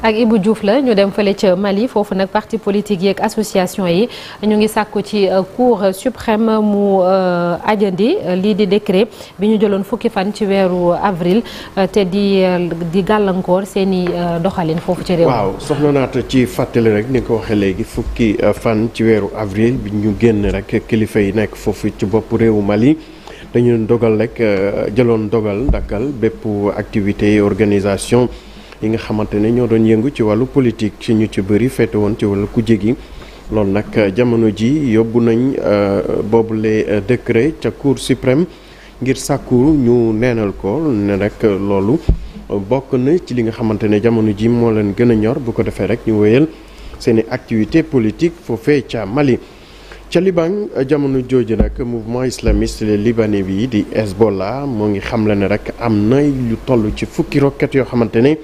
ak Ibou Diouf la ñu dem fale ca Mali foofu nag parti politique yeeg association yi ñu ngi sàkku ci euh, cour suprême mu euh, ajandi euh, lii di décret bi ñu jëloon fukki fan ci weeru avril te di di gàllankoor seen i doxalin foofu ci réew waaw ci fàttali rek ni nga ko waxee léegi fukki fan ci weeru avril bi ñu génn rek kilifa yi nekk foofu ci bopp réewu Mali dañu dogal rek jëloon dogal dakkal bépp activité organisation yi nga xamante ne ñoo doon yëngu ci wàllu politique ci ñu ci bëri féete woon ci wàllu kuje gi. loolu nag euh, jamono ji yóbbu nañ euh, boobule euh, décret ca cour suprême ngir sàkku ñu neenal ko ne rek loolu bokk na ci li nga xamante ne jamono ji moo leen gën a ñor bu ko defee rek ñu wéyal seeni activité politique foofe ca Mali ca Liban jamono jooju nag mouvement islamiste libanais bi di Hezbollah moo ngi xam xamle ne rek am na lu toll ci fukki roket yoo xamante ne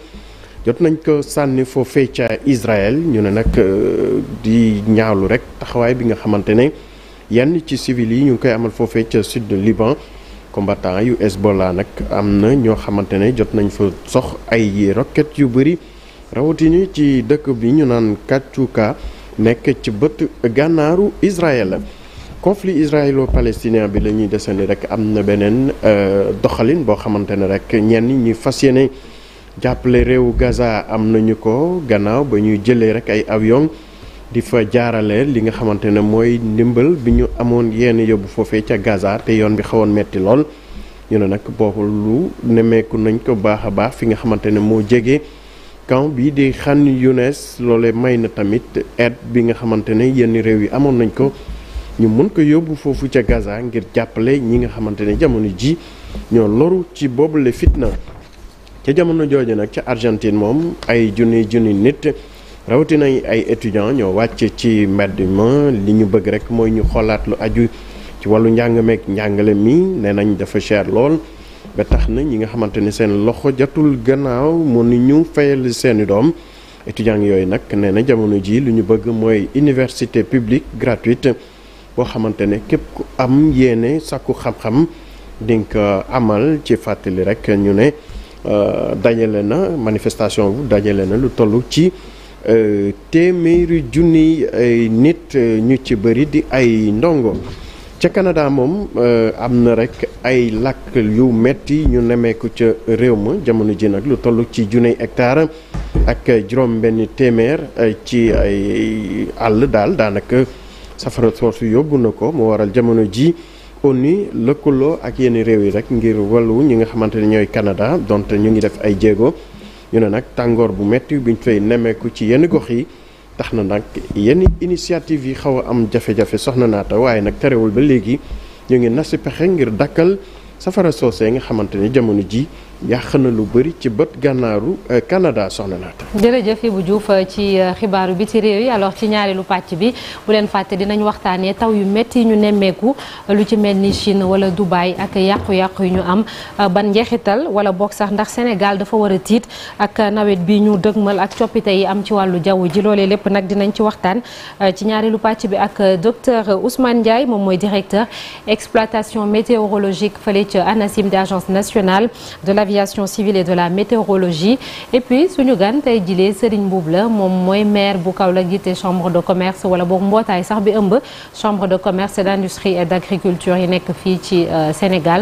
jot nañ ko sànni foofee ca Israël ñu ne nag euh, di ñaawlu rek taxawaay bi nga xamante ne yenn ci civil yi ñu ngi koy amal foofee ca sud de Liban combattant yu Hezbollah nag am na ñoo xamante ne jot nañ fa sox ay roquettes yu bëri rawatina ci dëkk bi ñu naan Kachuka nekk ci bët gànnaaru Israël conflit israélo-palestinien bi la ñuy desandi rek am na beneen euh, doxalin boo xamante ne rek ñenn ñi fas yéene. jàppale réewu Gaza am nañu ko gannaaw ba ñuy jëlee rek ay avion di fa jaarale li nga xamante ne mooy ndimbal bi ñu amoon yenn yóbbu foofee ca Gaza te yoon bi xawoon metti lool ñu ne nag boobu lu nemmeeku nañ ko baax a baax fi nga xamante ne moo jege camp bi di Khan Younes loole may na tamit aide bi nga xamante ne yenn réew yi amoon nañ ko ñu mën ko yóbbu foofu ca Gaza ngir jàppale ñi nga xamante ne jamono ji ñoo loru ci boobule fitna ca jamono jooju nag ca Argentine moom ay junni junni nit rawatina ay étudiants ñoo wàccee ci mbedd ma li ñu bëgg rek mooy ñu xoolaat lu aju ci wàllu njàngameek njàngale mi nee nañ dafa cher lool. ba tax na ñi nga xamante ni seen loxo jotul gannaaw mënuñu fayal seeni doom étudiants yooyu nag nee na jamono ji li ñu bëgg mooy université publique gratuite boo xamante ne képp ku am yéene sàkku xam-xam di ko amal ci fàttali rek ñu ne. Euh, dajale na manifestation bu dajale na lu toll ci euh, téeméeri junni ay nit euh, ñu ci bëri di ay ndongo ca Canada moom am na rek ay lakk yu metti ñu nemeeku ca réew ma jamono ji nag lu toll ci junni hectare ak juróom benn téeméer ci ay àll daal daanaka safara soosu yóbbu na ko mu waral jamono ji fekkoon ni lëkkaloo ak yenn réew yi rek ngir wàllu ñi nga xamante ne ñooy kanada donte ñu ngi def ay jéego ñu ne nag tàngoor bu métti biñ fay nemmeeku ci yenn gox yi tax na nag yenn initiative yi xaw a am jafe-jafe soxna naata waaye nag terewul ba léegi ñu ngi nasi pexe ngir dakkal safara soosee nga xamante ni jamono ji yàq na lu bëri ci bët gànnaaru euh, Canada soxna naata. jërëjëf Ibou euh, ci euh, xibaaru bi ci réew yi alors ci ñaareelu pàcc bi bu leen fàtte dinañ waxtaanee taw yu métti ñu nemmeeku lu ci mel ni Chine wala Dubaï ak yàqu-yàqu yu ñu am ban njeexital wala boog sax ndax Sénégal dafa war a tiit ak nawet bi ñu dëgmal ak coppite yi am ci wàllu jaww ji loole lépp nag dinañ ci waxtaan ci ñaareelu pàcc bi ak docteur Ousmane Ndiaye moom mooy directeur exploitation météorologique fële ci ANACIM di agence nationale l'aviation civile et de la météorologie et puis suñu gan tey jilee Serigne Mbuub la moom mooy maire bu la jiite chambre de commerce wala boog mbootaay sax bi ëmb chambre de commerce d'industrie et d'agriculture yi nekk fii ci euh, Sénégal